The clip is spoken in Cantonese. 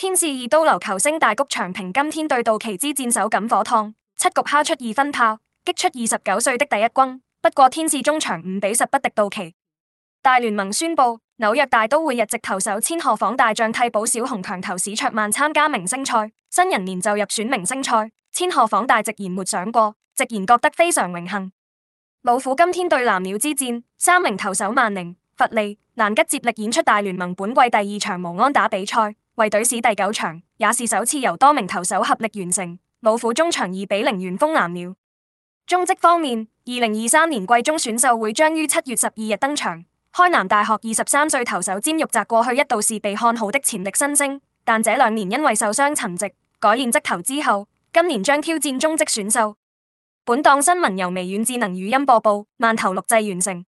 天使二刀流球星大谷長平今天對道奇之戰，手感火燙，七局敲出二分炮，擊出二十九歲的第一轟。不過天使中場五比十不敵道奇。大聯盟宣佈，紐約大都會日籍投手千賀坊大將替補小紅強投史卓曼參加明星賽，新人年就入選明星賽。千賀坊大直言沒想過，直言覺得非常榮幸。老虎今天對藍鳥之戰，三名投手曼寧、弗利、蘭吉接力演出大聯盟本季第二場無安打比賽。為隊史第九場，也是首次由多名投手合力完成。老虎終場二比零完封藍鳥。中職方面，二零二三年季中選秀會將於七月十二日登場。開南大學二十三歲投手詹玉澤過去一度是被看好的潛力新星，但這兩年因為受傷沉寂，改練職投之後，今年將挑戰中職選秀。本檔新聞由微軟智能語音播報，慢投錄製完成。